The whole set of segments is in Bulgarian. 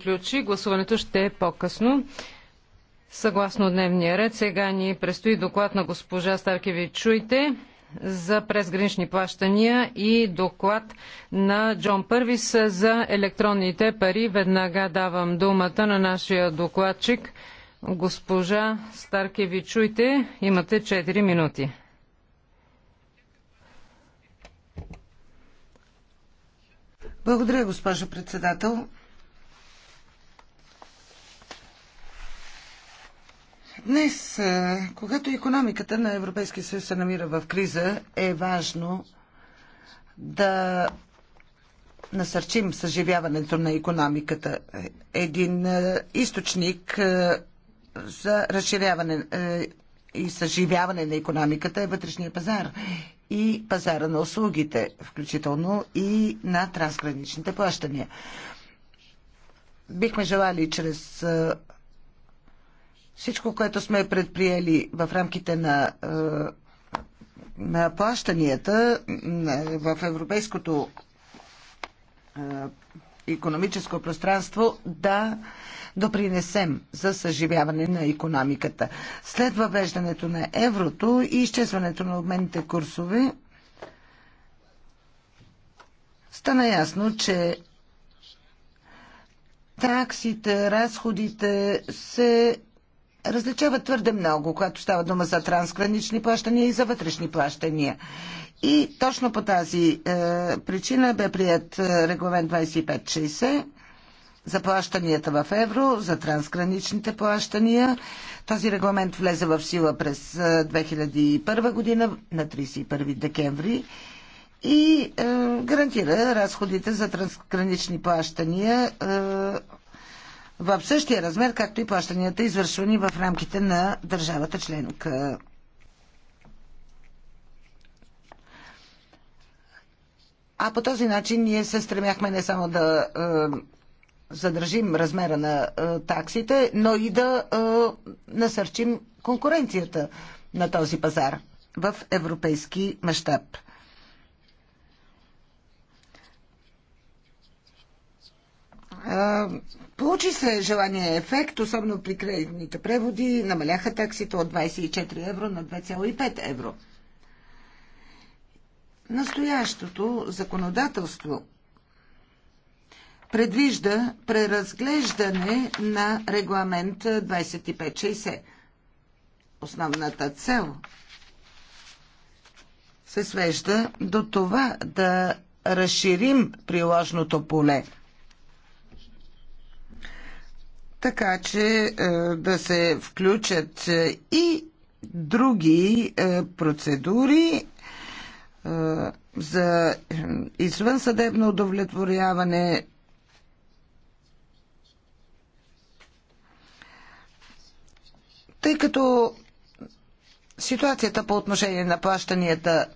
приключи. Гласуването ще е по-късно. Съгласно дневния ред, сега ни предстои доклад на госпожа Старкеви Чуйте за презгранични плащания и доклад на Джон Първис за електронните пари. Веднага давам думата на нашия докладчик. Госпожа Старкеви Чуйте, имате 4 минути. Благодаря, госпожо председател. Днес, когато економиката на Европейския съюз се намира в криза, е важно да насърчим съживяването на економиката. Един източник за разширяване и съживяване на економиката е вътрешния пазар и пазара на услугите, включително и на трансграничните плащания. Бихме желали чрез всичко, което сме предприели в рамките на, е, на плащанията е, в европейското економическо пространство да допринесем за съживяване на економиката. След въвеждането на еврото и изчезването на обменните курсове, стана ясно, че таксите, разходите се Различава твърде много, когато става дума за трансгранични плащания и за вътрешни плащания. И точно по тази е, причина бе прият е, регламент 2560 за плащанията в евро, за трансграничните плащания. Този регламент влезе в сила през 2001 е, година на 31 декември и е, гарантира разходите за трансгранични плащания е, в същия размер, както и плащанията, извършвани в рамките на държавата членка. А по този начин ние се стремяхме не само да е, задържим размера на е, таксите, но и да е, насърчим конкуренцията на този пазар в европейски мащаб. Получи се желания ефект, особено при кредитните преводи, намаляха таксите от 24 евро на 2,5 евро. Настоящото законодателство предвижда преразглеждане на регламент 2560. Основната цел се свежда до това да разширим приложното поле – така че е, да се включат е, и други е, процедури за извънсъдебно удовлетворяване тъй като ситуацията по отношение на плащанията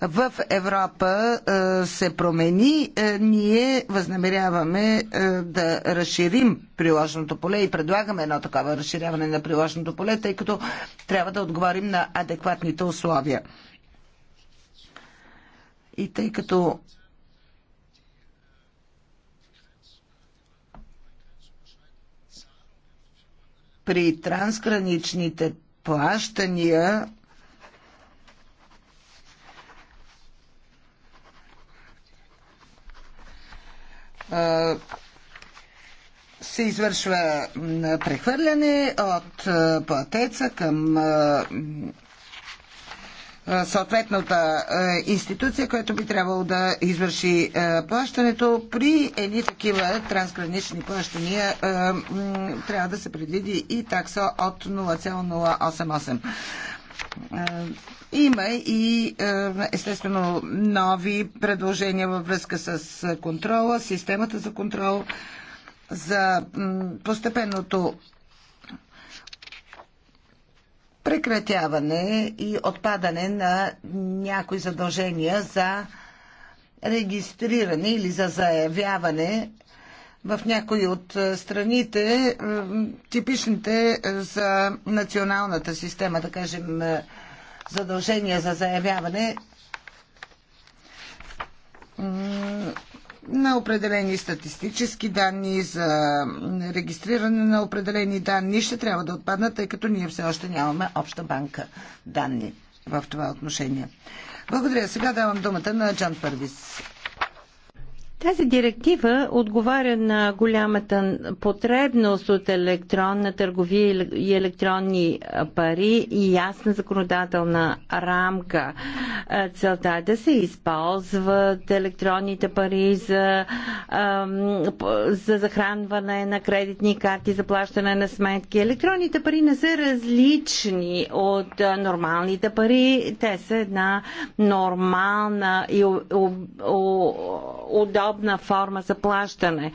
в Европа е, се промени. Е, ние възнамеряваме е, да разширим приложното поле и предлагаме едно такова разширяване на приложното поле, тъй като трябва да отговорим на адекватните условия. И тъй като при трансграничните плащания се извършва прехвърляне от платеца към съответната институция, която би трябвало да извърши плащането. При едни такива трансгранични плащания трябва да се предвиди и такса от 0,088. Има и естествено нови предложения във връзка с контрола, системата за контрол за постепенното прекратяване и отпадане на някои задължения за регистриране или за заявяване в някои от е, страните, е, типичните е, за националната система, да кажем, задължения за заявяване на определени статистически данни, за регистриране на определени данни ще трябва да отпаднат, тъй като ние все още нямаме обща банка данни в това отношение. Благодаря. Сега давам думата на Джан Първис. Тази директива отговаря на голямата потребност от електронна търговия и електронни пари и ясна законодателна рамка. Е, целта е да се използват електронните пари за, за захранване на кредитни карти, за плащане на сметки. Електронните пари не са различни от нормалните пари. Те са една нормална и удобна подобна форма за плащане.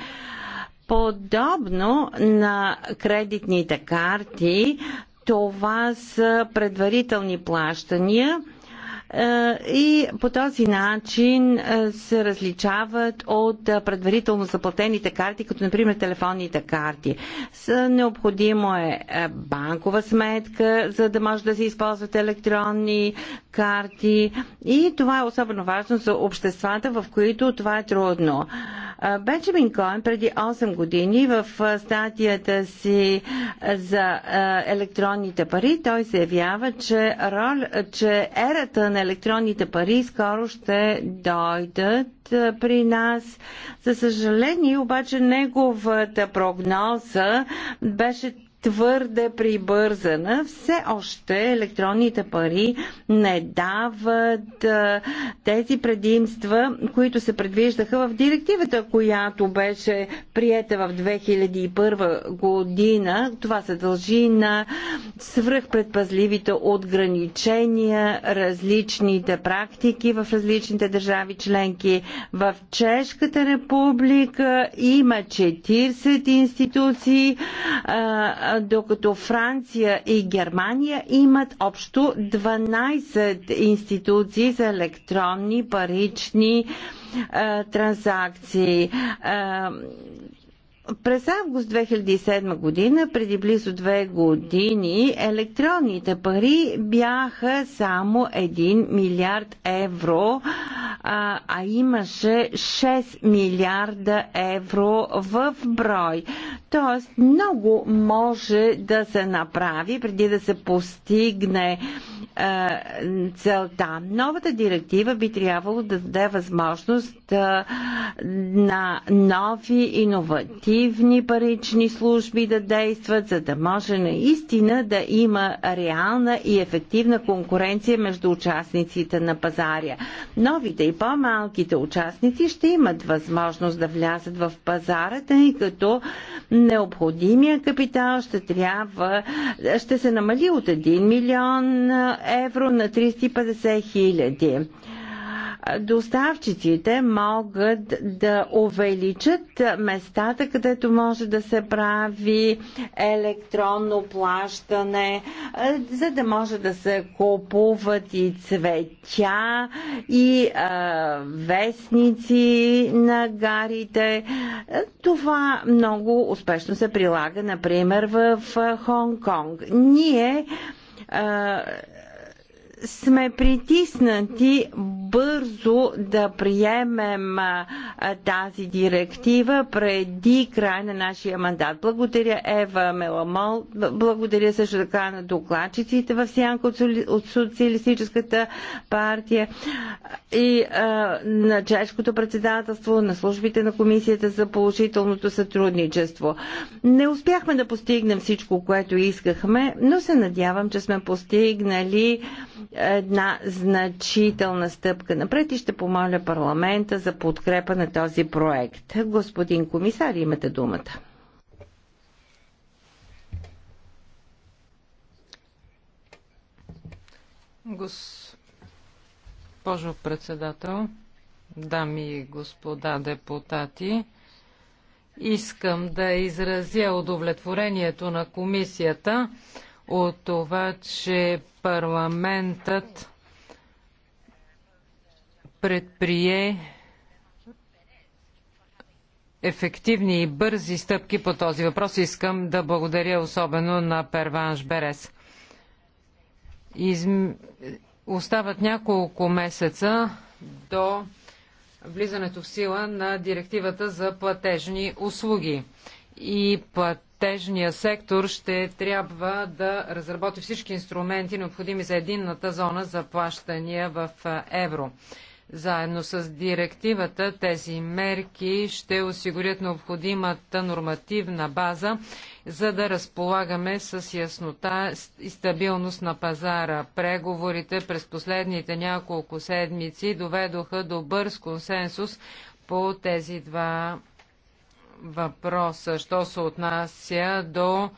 Подобно на кредитните карти, това са предварителни плащания – е, и по този начин е, се различават от е, предварително заплатените карти, като например телефонните карти. Необходимо е банкова сметка, за да може да се използват електронни карти и това е особено важно за обществата, в които това е трудно. Бенджамин Коен преди 8 години в статията си за електронните пари той заявява, че, рол, че ерата на електронните пари скоро ще дойдат при нас. За съжаление, обаче неговата прогноза беше твърде прибързана. Все още електронните пари не дават тези предимства, които се предвиждаха в директивата, която беше приета в 2001 година. Това се дължи на свръхпредпазливите ограничения, различните практики в различните държави членки. В Чешката република има 40 институции, докато Франция и Германия имат общо 12 институции за електронни парични транзакции. През август 2007 година, преди близо две години, електронните пари бяха само 1 милиард евро, а, а имаше 6 милиарда евро в брой. Тоест много може да се направи преди да се постигне а, целта. Новата директива би трябвало да даде възможност на нови иновативни парични служби да действат, за да може наистина да има реална и ефективна конкуренция между участниците на пазаря. Новите и по-малките участници ще имат възможност да влязат в пазара, тъй като необходимия капитал ще трябва, ще се намали от 1 милион евро на 350 хиляди доставчиците могат да увеличат местата, където може да се прави електронно плащане, за да може да се купуват и цветя, и а, вестници на гарите. Това много успешно се прилага, например, в Хонг-Конг. Ние а, сме притиснати бързо да приемем тази директива преди края на нашия мандат. Благодаря Ева Меламол, благодаря също така на докладчиците в Сянка от Социалистическата партия и а, на чешкото председателство, на службите на комисията за положителното сътрудничество. Не успяхме да постигнем всичко, което искахме, но се надявам, че сме постигнали една значителна стъпка напред и ще помоля парламента за подкрепа на този проект. Господин комисар, имате думата. Госпожо председател, дами и господа депутати, искам да изразя удовлетворението на комисията от това, че парламентът предприе ефективни и бързи стъпки по този въпрос. Искам да благодаря особено на Перванш Берес. Из... Остават няколко месеца до влизането в сила на директивата за платежни услуги. И плат... Тежния сектор ще трябва да разработи всички инструменти, необходими за единната зона за плащания в евро. Заедно с директивата тези мерки ще осигурят необходимата нормативна база, за да разполагаме с яснота и стабилност на пазара. Преговорите през последните няколко седмици доведоха до бърз консенсус по тези два въпроса, що се отнася до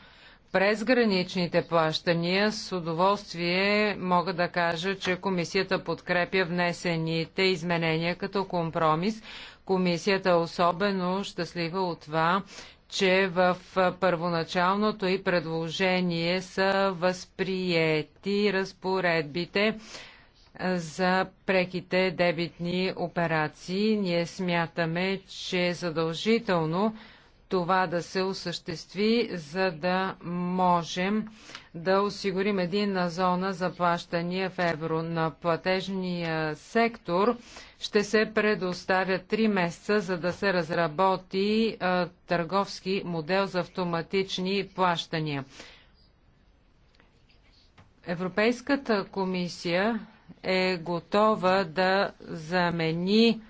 презграничните плащания, с удоволствие мога да кажа, че комисията подкрепя внесените изменения като компромис. Комисията е особено щастлива от това, че в първоначалното и предложение са възприети разпоредбите за преките дебитни операции. Ние смятаме, че е задължително това да се осъществи, за да можем да осигурим единна зона за плащания в евро. На платежния сектор ще се предоставя 3 месеца, за да се разработи а, търговски модел за автоматични плащания. Европейската комисия е готова да замени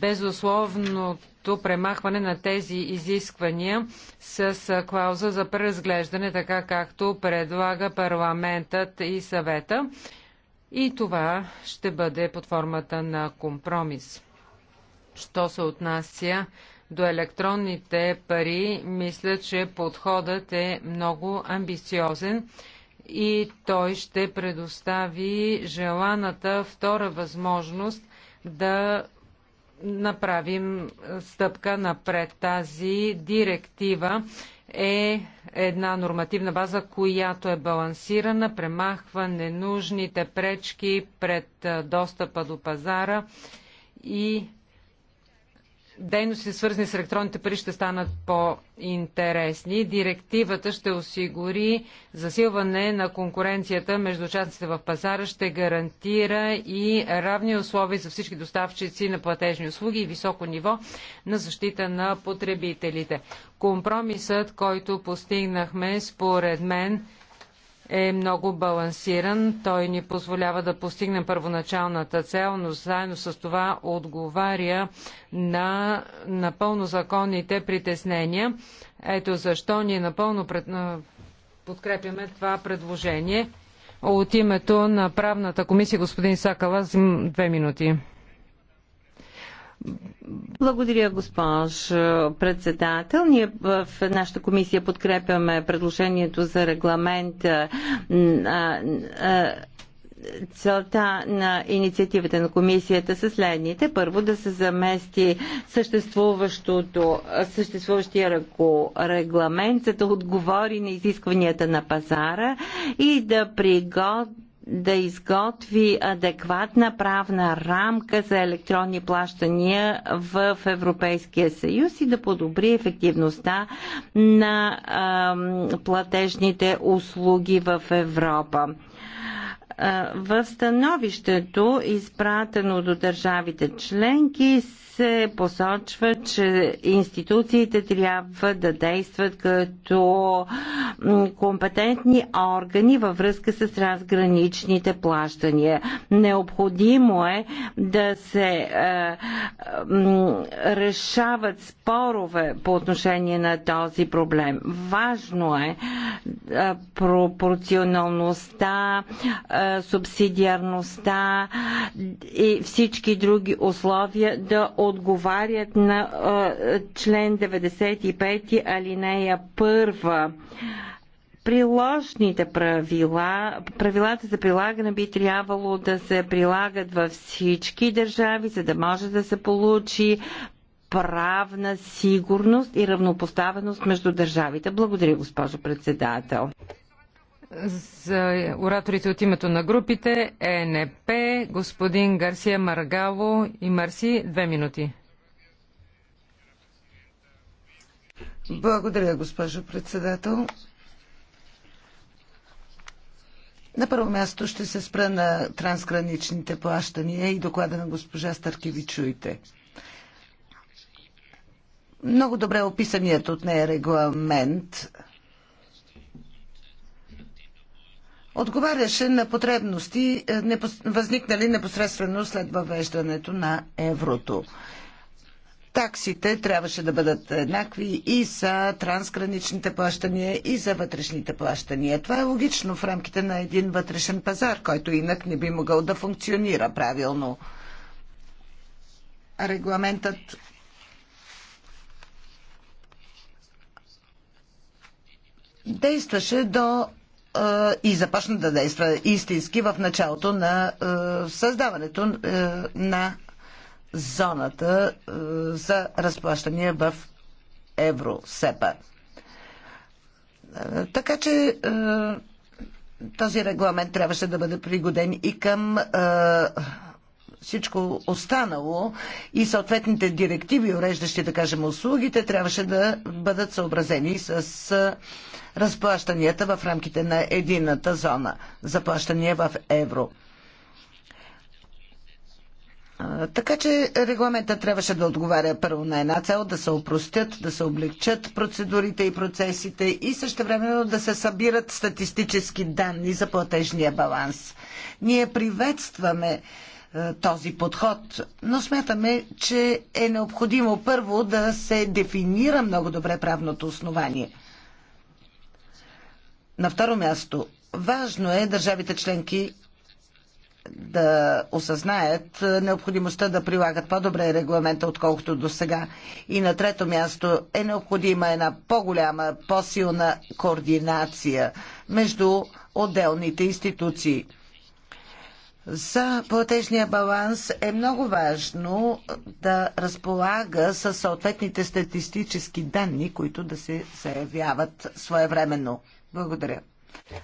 безусловното премахване на тези изисквания с клауза за преразглеждане, така както предлага парламентът и съвета. И това ще бъде под формата на компромис. Що се отнася до електронните пари, мисля, че подходът е много амбициозен и той ще предостави желаната втора възможност да направим стъпка напред. Тази директива е една нормативна база, която е балансирана, премахва ненужните пречки пред достъпа до пазара и дейности, свързани с електронните пари, ще станат по-интересни. Директивата ще осигури засилване на конкуренцията между участниците в пазара, ще гарантира и равни условия за всички доставчици на платежни услуги и високо ниво на защита на потребителите. Компромисът, който постигнахме, според мен, е много балансиран. Той ни позволява да постигнем първоначалната цел, но заедно с това отговаря на напълно законните притеснения. Ето защо ние напълно пред... подкрепяме това предложение. От името на правната комисия господин Сакала, две минути. Благодаря, госпожо председател. Ние в нашата комисия подкрепяме предложението за регламент целта на инициативата на комисията са следните. Първо да се замести съществуващото, съществуващия регламент, за да отговори на изискванията на пазара и да приготви да изготви адекватна правна рамка за електронни плащания в Европейския съюз и да подобри ефективността на а, платежните услуги в Европа. В становището, изпратено до държавите членки, се посочва, че институциите трябва да действат като компетентни органи във връзка с разграничните плащания. Необходимо е да се е, е, решават спорове по отношение на този проблем. Важно е пропорционалността, е, субсидиарността и всички други условия да отговарят на член 95 алинея 1 приложните правила, правилата за прилагане би трябвало да се прилагат във всички държави, за да може да се получи правна сигурност и равнопоставеност между държавите. Благодаря, госпожо председател за ораторите от името на групите ЕНП, господин Гарсия Маргало и Марси, две минути. Благодаря, госпожо председател. На първо място ще се спра на трансграничните плащания и доклада на госпожа Старкевичуйте. Много добре описаният от нея регламент – отговаряше на потребности, е, възникнали непосредствено след въвеждането на еврото. Таксите трябваше да бъдат еднакви и за трансграничните плащания, и за вътрешните плащания. Това е логично в рамките на един вътрешен пазар, който инак не би могъл да функционира правилно. Регламентът действаше до и започна да действа истински в началото на създаването на зоната за разплащания в Евросепа. Така че този регламент трябваше да бъде пригоден и към всичко останало и съответните директиви, уреждащи, да кажем, услугите, трябваше да бъдат съобразени с разплащанията в рамките на едината зона за плащания в евро. Така че регламента трябваше да отговаря първо на една цел, да се опростят, да се облегчат процедурите и процесите и също времено да се събират статистически данни за платежния баланс. Ние приветстваме е, този подход, но смятаме, че е необходимо първо да се дефинира много добре правното основание. На второ място, важно е държавите членки да осъзнаят е, необходимостта да прилагат по-добре регламента, отколкото до сега. И на трето място е необходима една по-голяма, по-силна координация между отделните институции за платежния баланс е много важно да разполага с съответните статистически данни, които да се заявяват своевременно. Благодаря.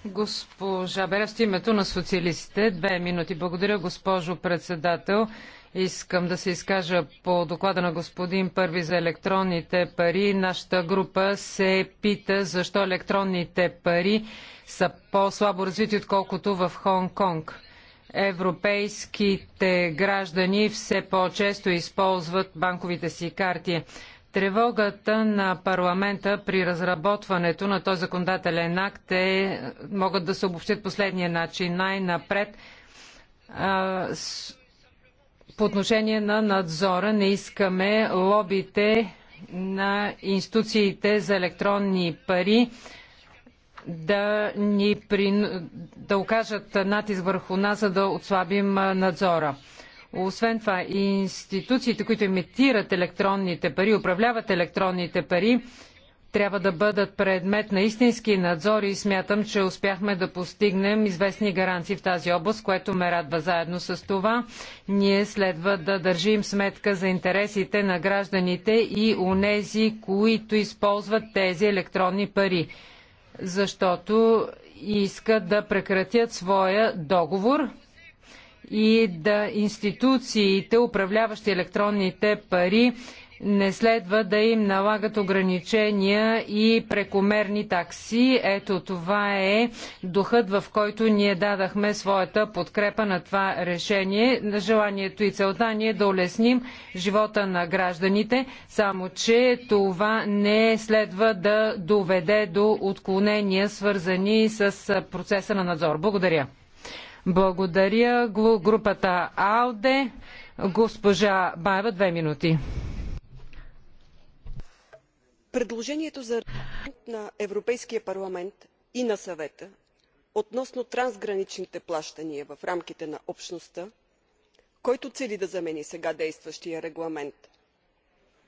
Госпожа Берев, в името на социалистите, две минути. Благодаря, госпожо председател. Искам да се изкажа по доклада на господин Първи за електронните пари. Нашата група се пита защо електронните пари са по-слабо развити, отколкото в Хонг-Конг европейските граждани все по-често използват банковите си карти. Тревогата на парламента при разработването на този законодателен акт е, могат да се обобщат последния начин. Най-напред по отношение на надзора не искаме лобите на институциите за електронни пари да ни да окажат натиск върху нас, за да отслабим надзора. Освен това, институциите, които имитират електронните пари, управляват електронните пари, трябва да бъдат предмет на истински надзор и смятам, че успяхме да постигнем известни гаранции в тази област, което ме радва. Заедно с това ние следва да държим сметка за интересите на гражданите и унези, които използват тези електронни пари защото искат да прекратят своя договор и да институциите, управляващи електронните пари, не следва да им налагат ограничения и прекомерни такси. Ето това е духът, в който ние дадахме своята подкрепа на това решение. Желанието и целта ни е да улесним живота на гражданите, само че това не следва да доведе до отклонения, свързани с процеса на надзор. Благодаря. Благодаря групата АЛДЕ. Госпожа Баева, две минути предложението за регламент на европейския парламент и на съвета относно трансграничните плащания в рамките на общността който цели да замени сега действащия регламент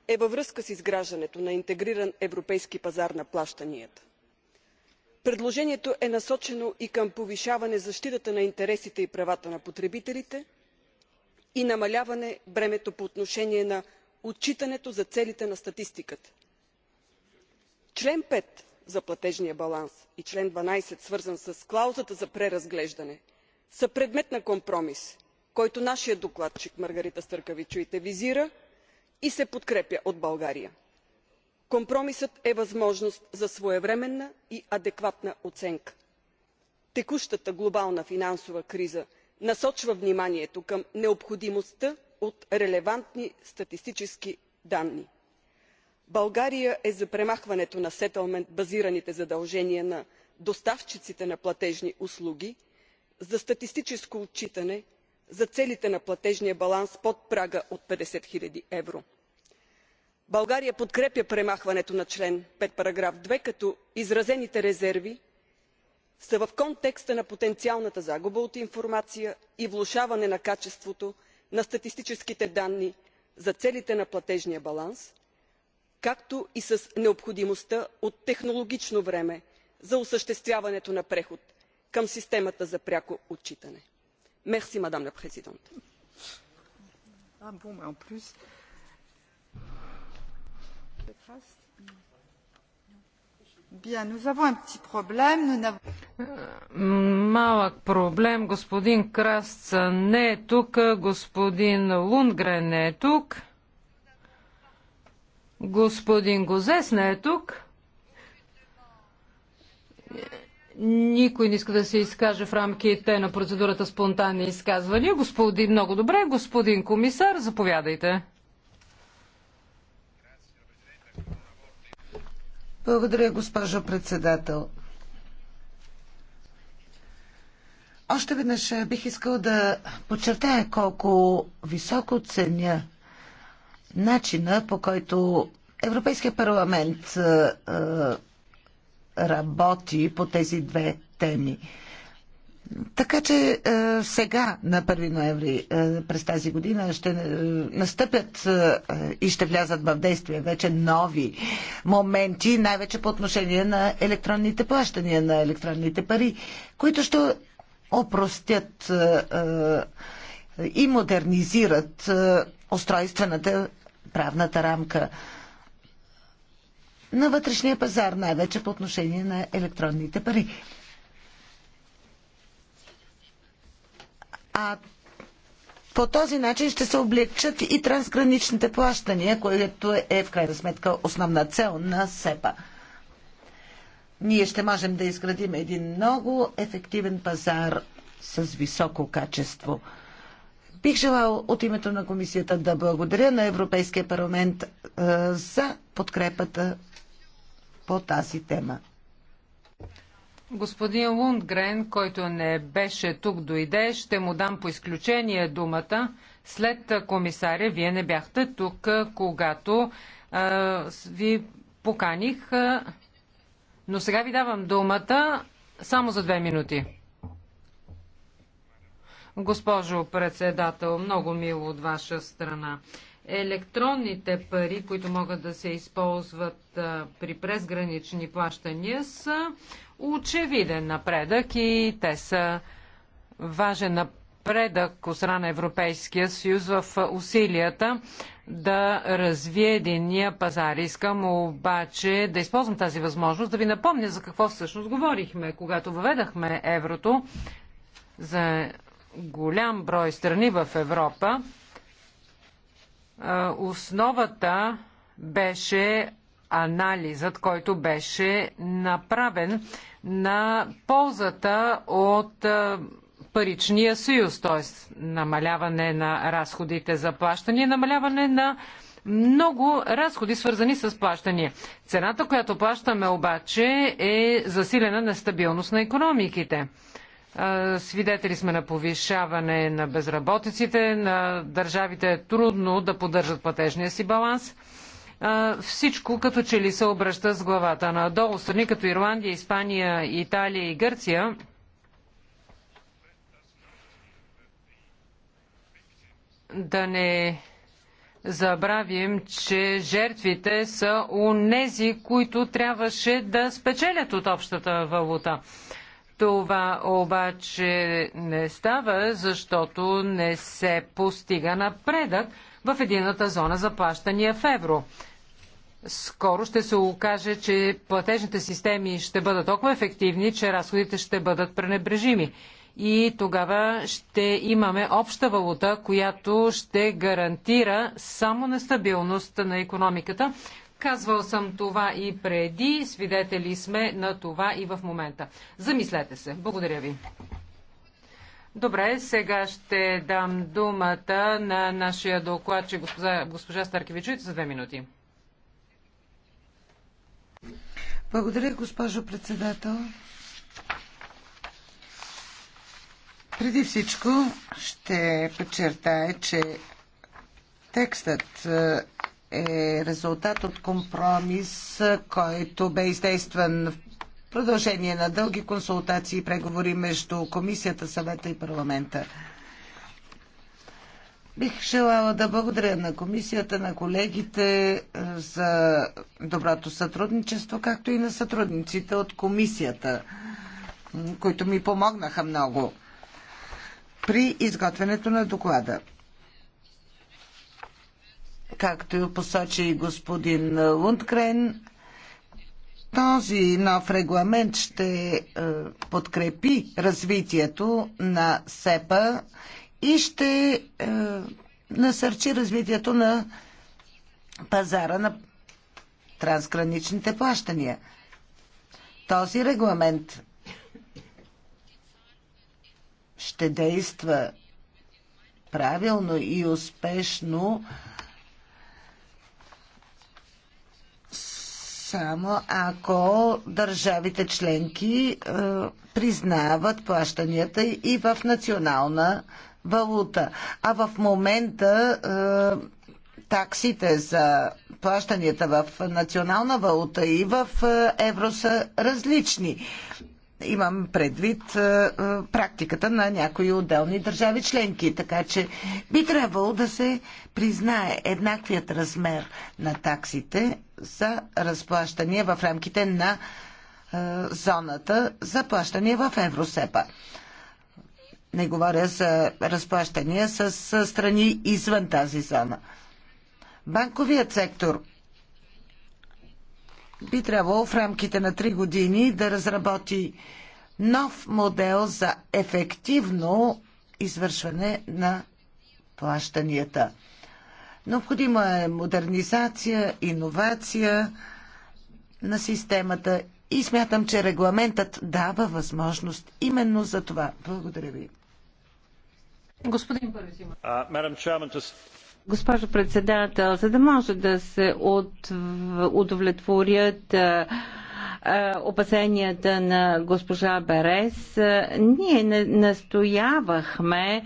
е във връзка с изграждането на интегриран европейски пазар на плащанията. предложението е насочено и към повишаване защитата на интересите и правата на потребителите и намаляване бремето по отношение на отчитането за целите на статистиката член пет за платежния баланс и член 12, свързан с клаузата за преразглеждане са предмет на компромис който нашият докладчик маргарита стъркавичуите визира и се подкрепя от българя. компромисът е възможност за своевременна и адекватна оценка. текущата глобална финансова криза насочва вниманието към необходимостта от релевантни статистически данни българия е за премахването на сетълмент базираните задължения на доставчиците на платежни услуги за статистическо отчитане за целите на платежния баланс под прага от 50 000 евро. българия подкрепя премахването на член 5 параграф 2 като изразените резерви са в контекста на потенциалната загуба от информация и влошаване на качеството на статистическите данни за целите на платежния баланс както и с необходимостта от технологично време за осъществяването на преход към системата за пряко отчитане. Мерси, мадам ла президент. Малък проблем. Господин Красца не е тук, господин Лундгрен не е тук. Господин Гозес не е тук. Никой не иска да се изкаже в рамките на процедурата спонтанни изказвания. Господин, много добре. Господин комисар, заповядайте. Благодаря, госпожо председател. Още веднъж бих искал да подчертая колко високо ценя начина по който Европейския парламент е, е, работи по тези две теми. Така че а, е, сега, на 1 ноември а, през тази година, ще а, настъпят а, и ще влязат в действие вече нови моменти, най-вече по отношение на електронните плащания, на електронните пари, които ще опростят а, а, и модернизират устройствената правната рамка на вътрешния пазар, най-вече по отношение на електронните пари. А по този начин ще се облегчат и трансграничните плащания, което е в крайна сметка основна цел на СЕПА. Ние ще можем да изградим един много ефективен пазар с високо качество – Бих желал от името на комисията да благодаря на Европейския парламент е, за подкрепата по тази тема. Господин Лундгрен, който не беше тук, дойде, ще му дам по изключение думата. След е, комисаря, вие не бяхте тук, е, когато а, ви поканих, а, но сега ви давам думата само за две минути. Госпожо председател, много мило от ваша страна. Електронните пари, които могат да се използват а, при презгранични плащания, са очевиден напредък и те са важен напредък от страна Европейския съюз в усилията да развие единния пазар. Искам обаче да използвам тази възможност да ви напомня за какво всъщност говорихме, когато въведахме еврото за голям брой страни в Европа, основата беше анализът, който беше направен на ползата от паричния съюз, т.е. намаляване на разходите за плащане и намаляване на много разходи, свързани с плащания. Цената, която плащаме обаче е засилена нестабилност на економиките. Свидетели сме на повишаване на безработиците, на държавите е трудно да поддържат платежния си баланс. Всичко като че ли се обръща с главата надолу. Страни като Ирландия, Испания, Италия и Гърция да не забравим, че жертвите са унези, които трябваше да спечелят от общата валута. Това обаче не става, защото не се постига напредък в едината зона за плащания в евро. Скоро ще се окаже, че платежните системи ще бъдат толкова ефективни, че разходите ще бъдат пренебрежими. И тогава ще имаме обща валута, която ще гарантира само нестабилност на економиката, Казвал съм това и преди, свидетели сме на това и в момента. Замислете се. Благодаря ви. Добре, сега ще дам думата на нашия докладчик госпожа, госпожа Старкевичуит за две минути. Благодаря, госпожо председател. Преди всичко ще подчертая, че текстът е резултат от компромис, който бе издействан в продължение на дълги консултации и преговори между Комисията, съвета и парламента. Бих желала да благодаря на комисията, на колегите е, за доброто сътрудничество, както и на сътрудниците от комисията, които ми помогнаха много при изготвянето на доклада както посочи господин Лундгрен, този нов регламент ще е, подкрепи развитието на СЕПА и ще е, насърчи развитието на пазара на трансграничните плащания. Този регламент ще действа правилно и успешно само ако държавите членки е, признават плащанията и в национална валута. А в момента е, таксите за плащанията в национална валута и в е, евро са различни. Имам предвид е, е, практиката на някои отделни държави членки, така че би трябвало да се признае еднаквият размер на таксите за разплащания в рамките на е, зоната за плащане в Евросепа. Не говоря за разплащания с страни извън тази зона. Банковият сектор би трябвало в рамките на 3 години да разработи нов модел за ефективно извършване на плащанията. Необходима е модернизация, иновация на системата и смятам, че регламентът дава възможност именно за това. Благодаря ви. Господин Първис Госпожо председател, за да може да се удовлетворят опасенията на госпожа Берес. Ние настоявахме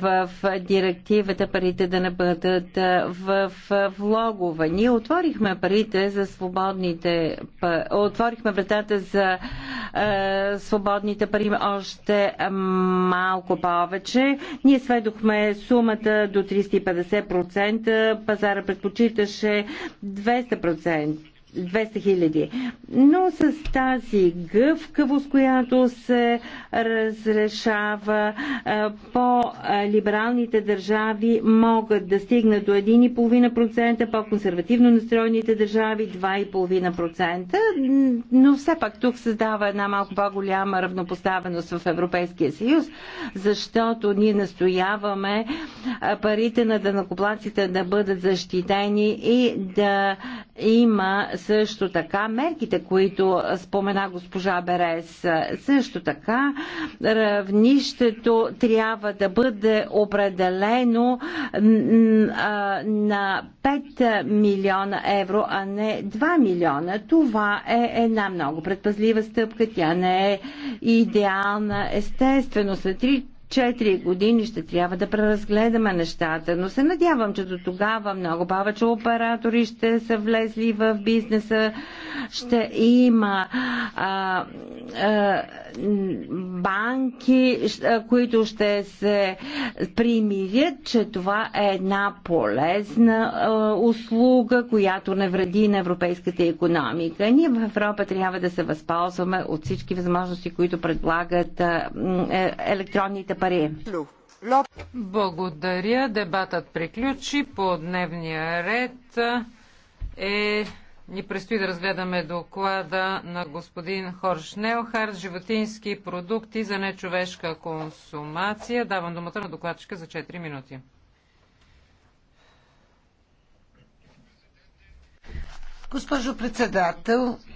в директивата парите да не бъдат в влогове. Ние отворихме парите за свободните отворихме вратата за свободните пари още малко повече. Ние сведохме сумата до 350%. Пазара предпочиташе 200%. 200 хиляди. Но с тази гъвкавост, която се разрешава, е, по-либералните държави могат да стигнат до 1,5%, по-консервативно настроените държави 2,5%, но все пак тук създава една малко по-голяма равнопоставеност в Европейския съюз, защото ние настояваме е, парите на данакоплаците да бъдат защитени и да има също така мерките, които спомена госпожа Берес. Също така равнището трябва да бъде определено на 5 милиона евро, а не 2 милиона. Това е една много предпазлива стъпка. Тя не е идеална. Естествено, след 4 години ще трябва да преразгледаме нещата, но се надявам, че до тогава много повече оператори ще са влезли в бизнеса, ще има а, а, банки, които ще се примирят, че това е една полезна а, услуга, която не вреди на европейската економика. Ние в Европа трябва да се възползваме от всички възможности, които предлагат а, е, електронните пари. Благодаря. Дебатът приключи. По дневния ред е... Ни предстои да разгледаме доклада на господин Хорш Нелхард «Животински продукти за нечовешка консумация». Давам думата на докладчика за 4 минути. Госпожо председател,